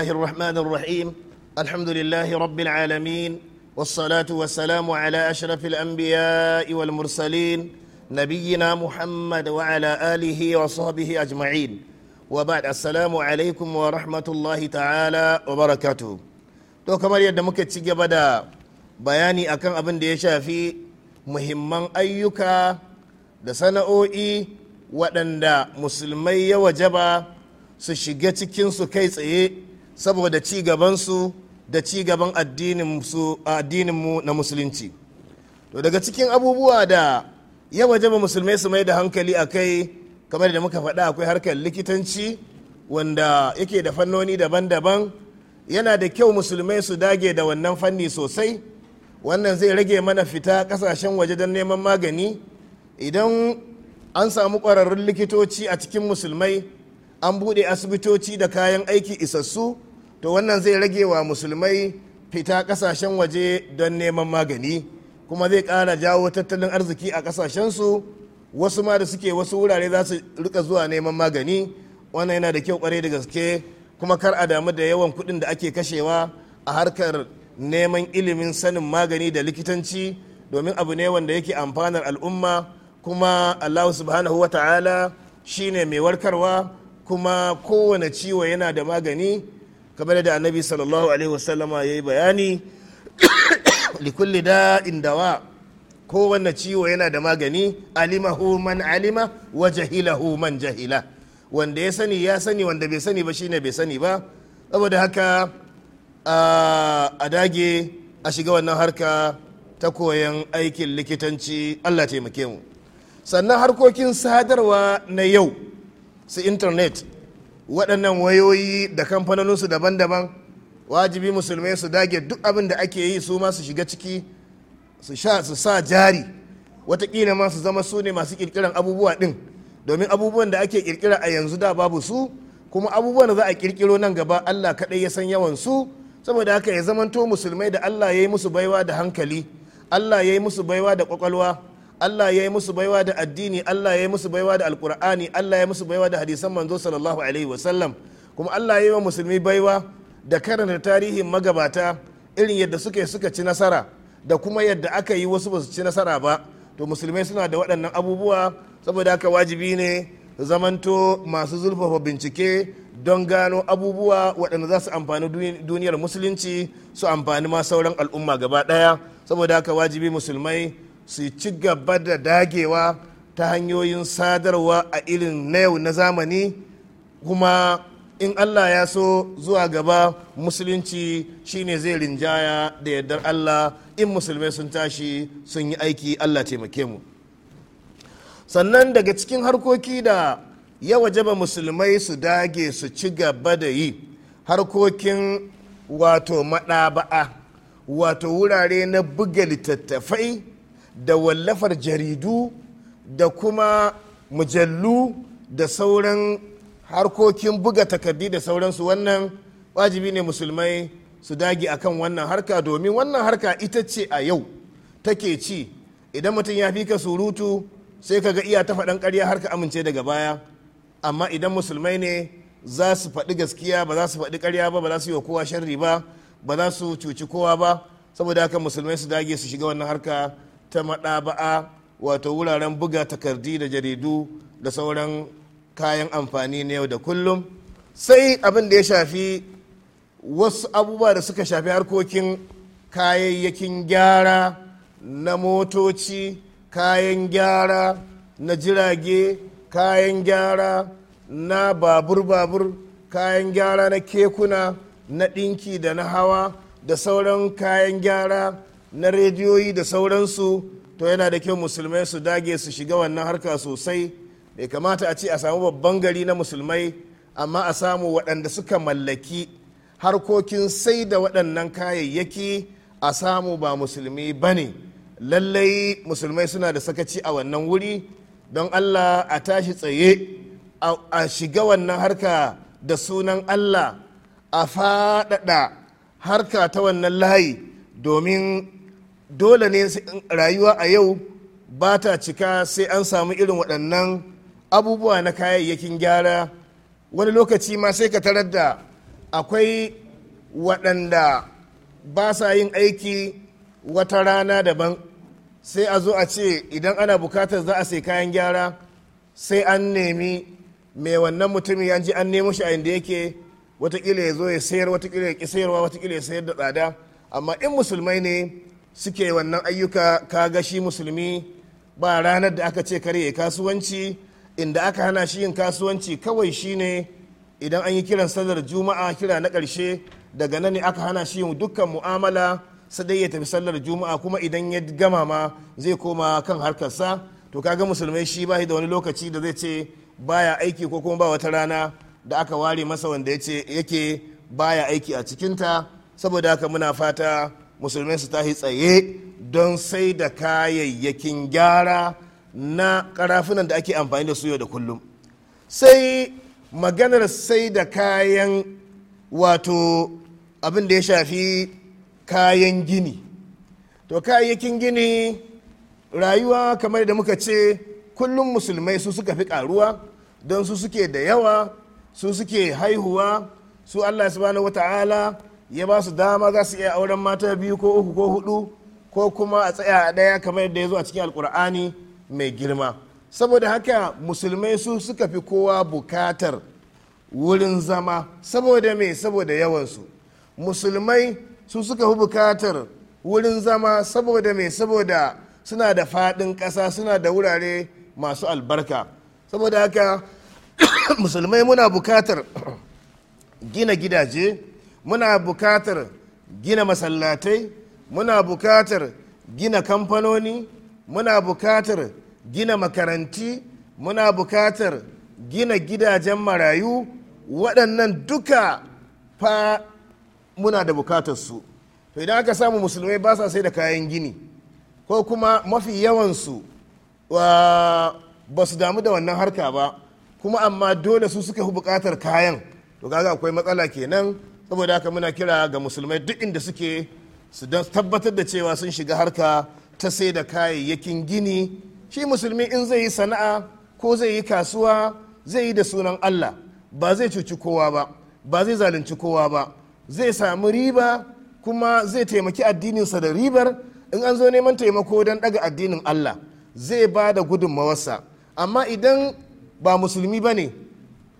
الله الرحمن الرحيم الحمد لله رب العالمين والصلاة والسلام على أشرف الأنبياء والمرسلين نبينا محمد وعلى آله وصحبه أجمعين وبعد السلام عليكم ورحمة الله تعالى وبركاته to kamar yadda muka ci gaba da bayani akan abin da ya shafi muhimman ayyuka da sana'o'i waɗanda musulmai ya wajaba su shiga cikinsu kai tsaye saboda ci gabansu da ci gaban addininmu na musulunci to daga cikin abubuwa da ya waje ba musulmai su mai da hankali a kai kamar da muka faɗa akwai harkar likitanci wanda yake da fannoni daban-daban yana da kyau musulmai su dage da wannan fanni sosai wannan zai rage mana fita kasashen waje don neman magani idan an samu ƙwararrun likitoci a cikin musulmai an buɗe asibitoci da kayan aiki isassu to wannan zai rage wa musulmai fita kasashen waje don neman magani kuma zai ƙara jawo tattalin arziki a kasashensu wasu ma da suke wasu wurare za su rika zuwa neman magani wannan yana da kyau kwarai da gaske kuma kar a damu da yawan kuɗin da ake kashewa a harkar neman ilimin sanin magani da likitanci domin abu ne wanda yake amfanar al'umma kuma allahu subhanahu wa ta'ala shine mai warkarwa kuma kowane ciwo yana da magani kamar da annabi sallallahu alaihi wasallama ya yi bayani likulli da'in dawa kowanne ciwo yana da magani alimahu man alima wa jahilahu man jahila wanda ya sani ya sani wanda bai sani ba shine bai sani ba saboda haka a dage a shiga wannan harka ta koyan aikin likitanci allah taimake mu sannan harkokin sadarwa na yau su intanet waɗannan wayoyi da kamfanoninsu daban-daban wajibi musulmai su dage duk abin da ake yi su ma su shiga ciki su sa jari watakila ma su zama su ne masu kirkiran abubuwa ɗin domin abubuwan da ake kirkira a yanzu da babu su kuma abubuwan da za a kirkiro nan gaba allah kaɗai ya san yawan su saboda haka ya zamanto musulmai da allah ya yi musu baiwa da hankali allah ya yi musu baiwa da kwakwalwa Allah ya yi musu baiwa da addini Allah ya yi musu baiwa da alkur'ani Allah ya yi musu baiwa da hadisan manzo sallallahu alaihi wasallam kuma Allah ya yi wa musulmi baiwa da karanta tarihin magabata irin yadda suke suka ci nasara da kuma yadda aka yi wasu basu ci nasara ba to musulmai suna da waɗannan abubuwa saboda haka wajibi ne zamanto masu zurfafa bincike don gano abubuwa waɗanda za su amfani duniyar musulunci su amfani ma sauran al'umma gaba ɗaya saboda haka wajibi musulmai su ci gaba da dagewa ta hanyoyin sadarwa a irin na yau na zamani kuma in allah ya so zuwa gaba musulunci shine zai rinjaya da yardar allah in musulmai sun tashi sun yi aiki allah taimake mu sannan daga cikin harkoki da ya wajaba musulmai su dage su ci gaba da yi harkokin wato maɗaba'a wato wurare na buga littattafai da wallafar jaridu da kuma mujallu da sauran harkokin buga takardi da sauransu wannan wajibi ne musulmai su dage akan wannan harka domin wannan harka ita ce a yau take ci idan mutum ya fi ka surutu sai ka ga iya ta faɗan ƙarya harka amince daga baya amma idan musulmai ne za su faɗi gaskiya ba za su faɗi ƙarya ba ba za su yi wa kowa sharri ba ba za su cuci kowa ba saboda haka musulmai su dage su shiga wannan harka ta maɗaba'a wato wuraren buga takardi da jaridu da sauran kayan amfani na yau da kullum sai abin da ya shafi wasu abubuwa da suka shafi harkokin kayayyakin gyara na motoci kayan gyara na jirage kayan gyara na babur-babur kayan gyara na kekuna na ɗinki da na hawa da sauran kayan gyara na rediyoyi da sauransu to yana da kyau musulmai su dage su shiga wannan harka sosai bai kamata a ce a samu babban gari na musulmai amma a samu waɗanda suka mallaki harkokin sai da waɗannan kayayyaki a samu ba musulmi ba ne lallai musulmai suna da sakaci a wannan wuri don allah a tashi tsaye a shiga wannan harka da sunan allah a faɗaɗa harka ta wannan layi domin dole ne rayuwa a yau ba ta cika sai an samu irin waɗannan abubuwa na kayayyakin gyara wani lokaci ma sai ka tarar da akwai waɗanda ba sa yin aiki wata rana daban sai a zo a ce idan ana bukatar za a sai kayan gyara sai an nemi mai wannan mutumin an ji an nemo shi a inda yake watakila ya zo ya sayar watakila ya ƙi sayarwa watakila ya sayar da tsada amma in musulmai ne suke wannan ayyuka ga shi musulmi ba ranar da aka ce kare kasuwanci inda aka hana shi yin kasuwanci kawai shi ne idan an yi kiran sallar juma'a kira na ƙarshe daga nan ne aka hana shi yin dukkan mu'amala dai ya tafi sallar juma'a kuma idan ya gama ma zai koma kan harkarsa to kaga musulmai shi ba da wani lokaci da zai ce baya aiki ko kuma ba wata rana da aka ware masa wanda ya ce yake baya aiki a cikinta saboda haka muna fata musulmai su tashi tsaye don sai da kayayyakin gyara na karafunan da ake amfani da su yau da kullum sai maganar sai da kayan wato abin da ya shafi kayan gini to kayayyakin gini rayuwa kamar da muka ce kullum musulmai su suka fi karuwa don su suke da yawa su suke haihuwa su allah subhanahu ta'ala ya ba su dama za su iya auren mata biyu ko uku ko hudu ko kuma a tsaya a ɗaya kamar yadda ya zo a cikin alkur'ani mai girma saboda haka musulmai su suka fi kowa bukatar wurin zama saboda mai saboda yawansu musulmai su suka fi bukatar wurin zama saboda mai saboda suna da faɗin ƙasa suna da wurare masu albarka saboda haka musulmai muna bukatar gina gidaje muna bukatar gina masallatai muna bukatar gina kamfanoni muna bukatar gina makaranti muna bukatar gina gidajen marayu waɗannan duka fa muna da bukatarsu to idan aka samu musulmai ba sa sai da kayan gini ko kuma mafi yawansu ba su damu da wannan harka ba kuma amma dole su suka fi bukatar kayan to kaga akwai matsala kenan saboda haka muna kira ga musulmai duk inda suke su don tabbatar da cewa sun shiga harka ta sai da kayayyakin gini shi musulmi in zai yi sana'a ko zai yi kasuwa zai yi da sunan allah ba zai cuci kowa ba ba zai zalunci kowa ba zai samu riba kuma zai taimaki addininsa da ribar in an zo neman taimako don daga addinin allah zai ba da gudunmawarsa amma idan ba musulmi ba ne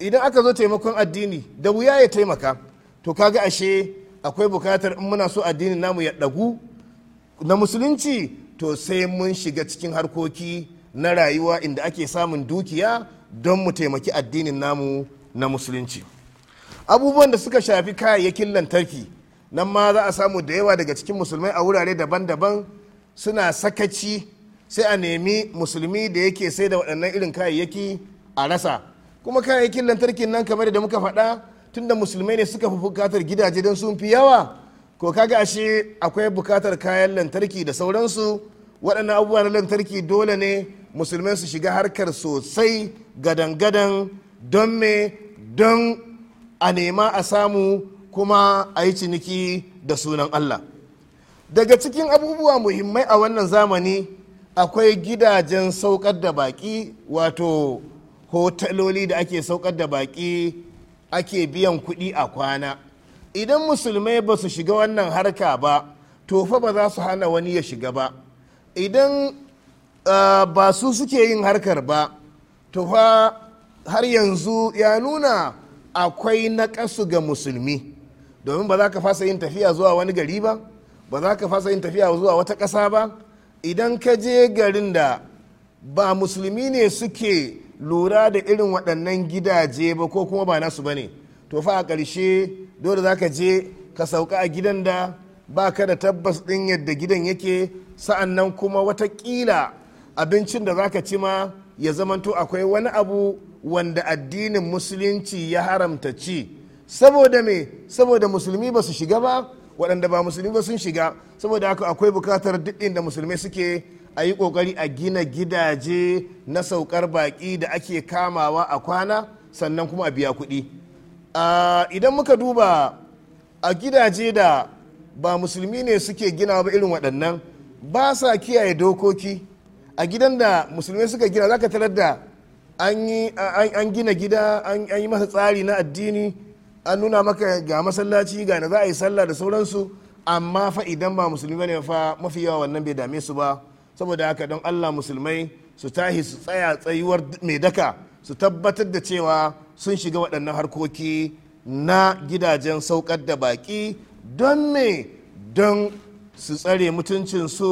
idan aka zo taimakon addini da wuya ya taimaka to kaga ashe akwai bukatar in muna so addinin namu ya ɗagu na musulunci to sai mun shiga cikin harkoki na rayuwa inda ake samun dukiya don mu taimaki addinin namu na musulunci abubuwan da suka shafi kayayyakin lantarki nan ma za a samu da yawa daga cikin musulmai a wurare daban-daban suna sakaci sai a nemi musulmi da yake sai da waɗannan irin kayayyaki a rasa kuma kayayyakin lantarkin nan kamar da muka faɗa tunda musulmai ne suka fi bukatar gidaje don sun fi yawa ko kaga ashe akwai bukatar kayan lantarki da sauransu waɗannan abubuwa na lantarki dole ne musulmai su shiga harkar sosai gadan-gadan don me don a nema a samu kuma a yi ciniki da sunan allah daga cikin abubuwa muhimmai a wannan zamani akwai gidajen saukar da baki wato hotaloli da ake saukar da baki ake biyan kuɗi a kwana idan musulmai ba su shiga wannan harka ba to fa ba za su hana wani ya shiga ba idan ba su suke yin harkar ba to fa har yanzu ya nuna akwai naƙasu ga musulmi domin ba za ka fasa yin tafiya zuwa wani gari ba ba za ka fasa yin tafiya zuwa wata ƙasa ba idan ka je garin da ba musulmi ne suke lura da irin waɗannan gidaje ba ko kuma ba nasu ba ne to fa a ƙarshe dole za ka je ka sauka a gidan da ba ka da tabbas ɗin yadda gidan yake sa'an nan kuma watakila abincin da za ka ci ma ya zamanto akwai wani abu wanda addinin musulunci ya haramta ci saboda me saboda musulmi ba su shiga ba waɗanda ba musulmi ba sun shiga saboda haka akwai bukatar duk inda musulmi suke a yi kokari a gina gidaje na saukar baki da ake kamawa a kwana sannan kuma a biya kuɗi idan muka duba a gidaje da ba musulmi ne suke gina ba irin waɗannan ba sa kiyaye dokoki a gidan da musulmi suka gina za ka tarar da an gina gida an yi masa tsari na addini an nuna maka ga masallaci ga na za a yi sallah da sauransu amma fa idan ba musulmi ne fa mafi yawa wannan bai dame su ba saboda haka don allah musulmai su tahi su tsaya tsayuwar mai daka su tabbatar da cewa sun shiga waɗannan harkoki na gidajen saukar da baƙi don me don su tsare mutuncinsu su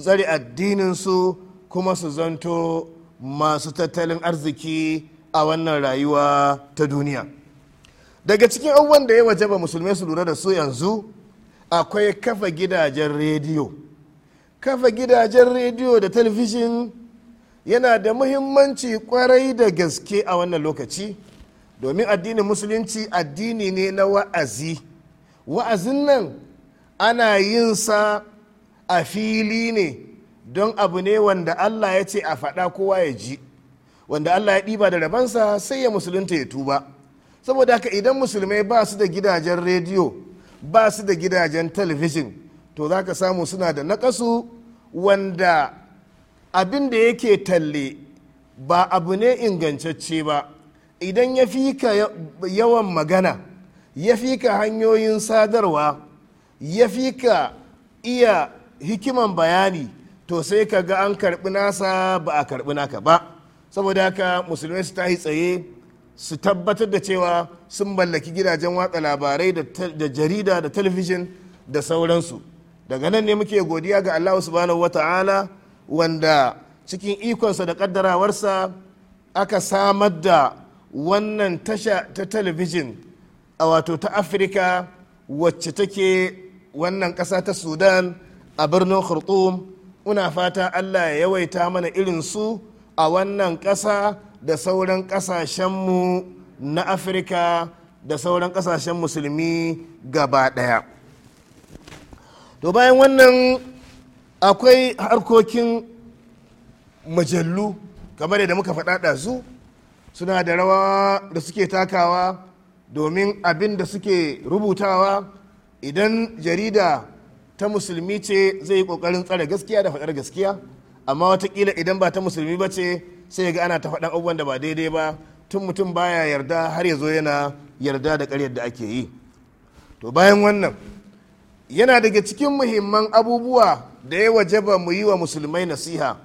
tsare addininsu kuma su zanto masu tattalin arziki a wannan rayuwa ta duniya daga cikin abubuwan da ya wajaba musulmai su lura da su yanzu akwai kafa gidajen rediyo kafa gidajen rediyo da talabijin yana da muhimmanci kwarai da gaske a wannan lokaci domin addinin musulunci addini ne na wa'azi wa'azin nan ana yin sa a fili ne don abu ne wanda allah ya ce a faɗa kowa ya ji wanda allah ya ɗiba da rabansa sai ya musulunta ya tuba saboda haka idan musulmai ba su da gidajen rediyo ba su da gidajen talabijin to za ka samu suna da naƙasu wanda abin da yake talle ba abu ne ingancacce ba idan ya fi ka yawan magana ya fi ka hanyoyin sadarwa ya fi ka iya hikiman bayani to sai ka ga an karɓi nasa ba a karɓi naka ba saboda haka musulmai su ta yi tsaye su tabbatar da cewa sun mallaki gidajen watsa labarai da jarida da talabijin da sauransu daga nan ne muke godiya ga Allah subhanahu wata'ala wanda cikin ikonsa da kaddarawarsa aka samar da wannan tasha ta talabijin a wato ta afirka wacce take wannan ƙasa ta sudan a birnin khartoum una fata allah ya yawaita mana irin su a wannan ƙasa da sauran ƙasashenmu na afirka da sauran ƙasashen musulmi gaba ɗaya. to bayan wannan akwai harkokin majallu kamar da muka faɗaɗa su suna da rawa da suke takawa domin abin da suke rubutawa idan jarida ta musulmi ce zai yi ƙoƙarin tsare gaskiya da faɗar gaskiya amma watakila idan ba ta musulmi ba ce sai ga ana ta faɗan abubuwan da ba daidai ba tun mutum baya yarda har ya zo yana yarda da ƙaryar da ake yi to bayan wannan yana daga cikin muhimman abubuwa da ya wajaba mu yi wa musulmai nasiha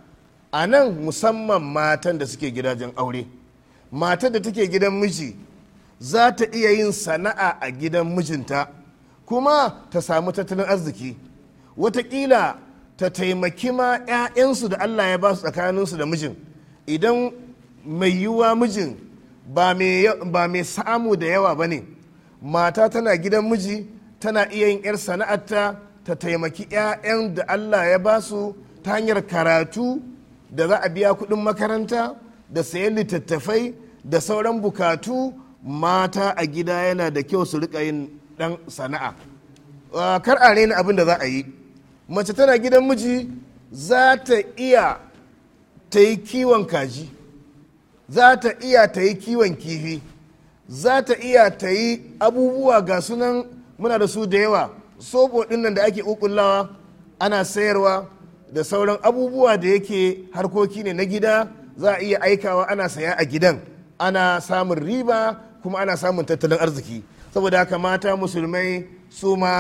a nan musamman matan da suke gidajen aure matar da take gidan miji za ta iya yin sana'a a gidan mijinta kuma ta samu tattalin arziki watakila ta taimaki ma 'ya'yansu da allah ya ba su tsakaninsu da mijin idan mai yiwuwa mijin ba mai samu da yawa ba ne mata tana gidan miji tana iya yin 'yar sana'arta ta taimaki 'ya'yan da allah ya ba su ta hanyar karatu da za a biya kuɗin makaranta da sayan littattafai da sauran bukatu mata a gida yana da kyau su rika yin ɗan sana'a kar a raina abin da za a yi mace tana gidan miji za ta iya ta yi kiwon kaji za ta iya ta yi kiwon kifi za ta iya ta yi abubuwa ga sunan muna da su da yawa sobo dinnan da ake ukullawa ana sayarwa da sauran abubuwa da yake harkoki ne na gida za a iya aikawa ana saya a gidan ana samun riba kuma ana samun tattalin arziki saboda haka mata musulmai su ma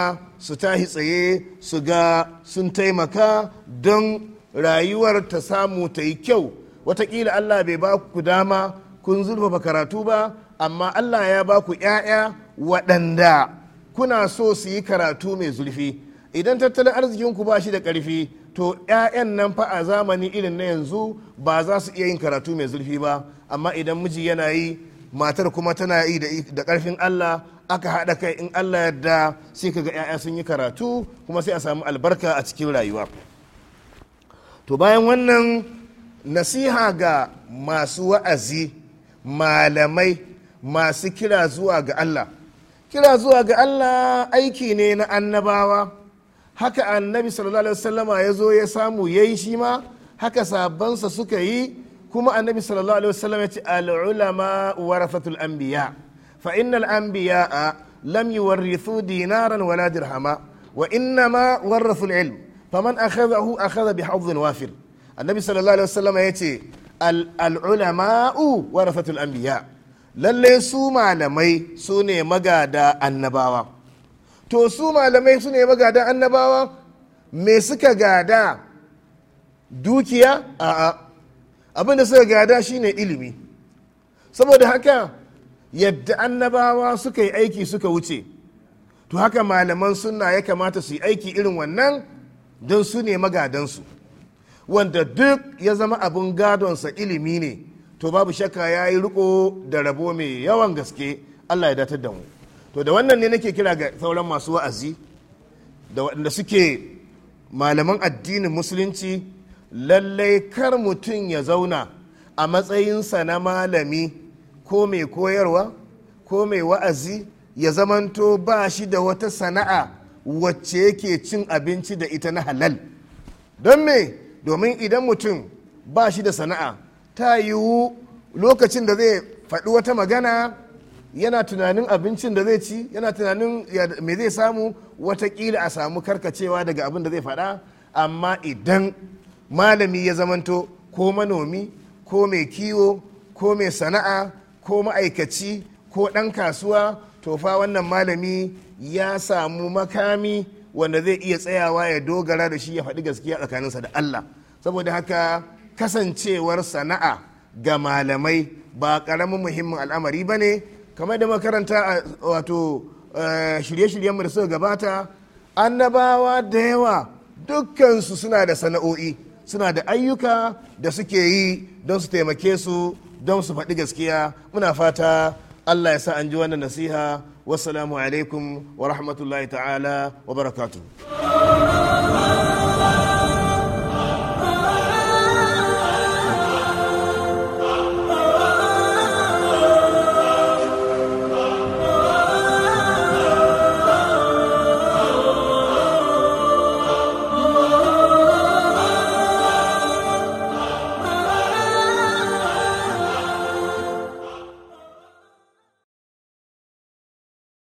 su tahi tsaye su ga sun taimaka don rayuwar ta samu ta yi kyau watakila allah bai ba ku dama kun zurfafa karatu ba amma allah ya ba ku 'ya'ya waɗanda kuna so su yi karatu mai zurfi idan tattalin arzikinku ba shi da karfi to 'ya'yan nan fa a zamani irin na yanzu ba za su iya yin karatu mai zurfi ba amma idan miji yana yi matar kuma tana yi da karfin allah aka haɗa kai in allah yadda sai kaga 'ya'ya sun yi karatu kuma sai a samu albarka a cikin rayuwa to bayan wannan nasiha ga masu wa'azi malamai masu kira zuwa ga allah kira zuwa ga allah aiki ne na annabawa haka annabi sallallahu alaihi wasallama ya zo ya samu ya yi shi ma haka sabansa suka yi kuma annabi sallallahu alaihi wasallam ya ce al'ulama warasatul anbiya fa innal anbiya lam yuwarrithu dinaran wala dirhama wa innama warrathul ilm faman akhadhahu akhadha bihadhin wafir annabi sallallahu alaihi wasallam ya ce al'ulama warasatul anbiya lalle su malamai su ne magada annabawa to su malamai su ne magada annabawa me suka gada dukiya a'a abin da suka gada shine ilimi saboda haka yadda annabawa suka yi aiki suka wuce to haka malaman sunna ya kamata su yi aiki irin wannan don su ne magadansu wanda duk ya zama abin gadonsa ilimi ne to babu shakka ya yi riko da rabo mai yawan gaske allah ya datar da mu to da wannan ne nake kira ga sauran masu wa'azi da waɗanda suke malaman addinin musulunci lallai kar mutum ya zauna a matsayinsa na malami ko mai koyarwa ko mai wa'azi ya zamanto ba shi da wata sana'a wacce yake cin abinci da ita na halal don me domin idan mutum ba shi da sana'a ta yiwu lokacin da zai faɗi wata magana yana tunanin abincin da zai ci yana tunanin me zai samu watakila a samu karkacewa daga abin da zai faɗa amma idan malami ya zamanto ko manomi ko mai kiwo ko mai sana'a ko ma'aikaci ko ɗan kasuwa to fa wannan malami ya samu makami wanda zai iya tsayawa ya dogara da shi ya faɗi gaskiya tsakaninsa da allah saboda haka kasancewar sana'a ga malamai ba ƙaramin muhimmin al'amari ba ne kamar da makaranta wato shirye-shiryenmu da suka gabata annabawa da yawa dukkansu suna da sana'o'i suna da ayyuka da suke yi don su taimake su don su faɗi gaskiya muna fata allah ya sa an ji wannan nasiha wasu alaikum wa rahmatullahi ta'ala wa barakatuh